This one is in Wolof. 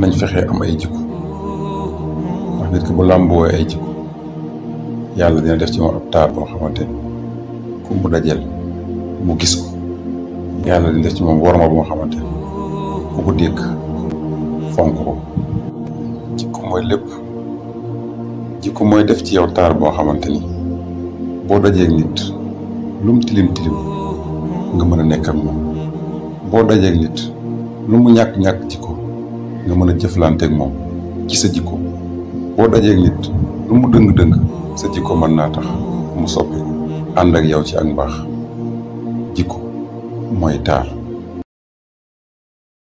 nañ fexe am ay jikko ndax nit ki bu làmboo ay jikko yàlla dina def ci moom ab taar boo xamante ni ku mu dajel mu gis ko yàlla dina def ci moom worma boo xamante ni ku ko dégg fonk def ci boo xamante ni dajee nit lu tilim tilim nga mën a nekk ak moom boo dajee nit lu ñàkk-ñàkk jikko nga mën a jëflanteeg moom ci sa jikko boo dajeeg nit lu mu dëng-dëng sa jikko mën naa tax mu soppi ànd ak yow ci ak mbaax jikko mooy taar